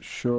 šio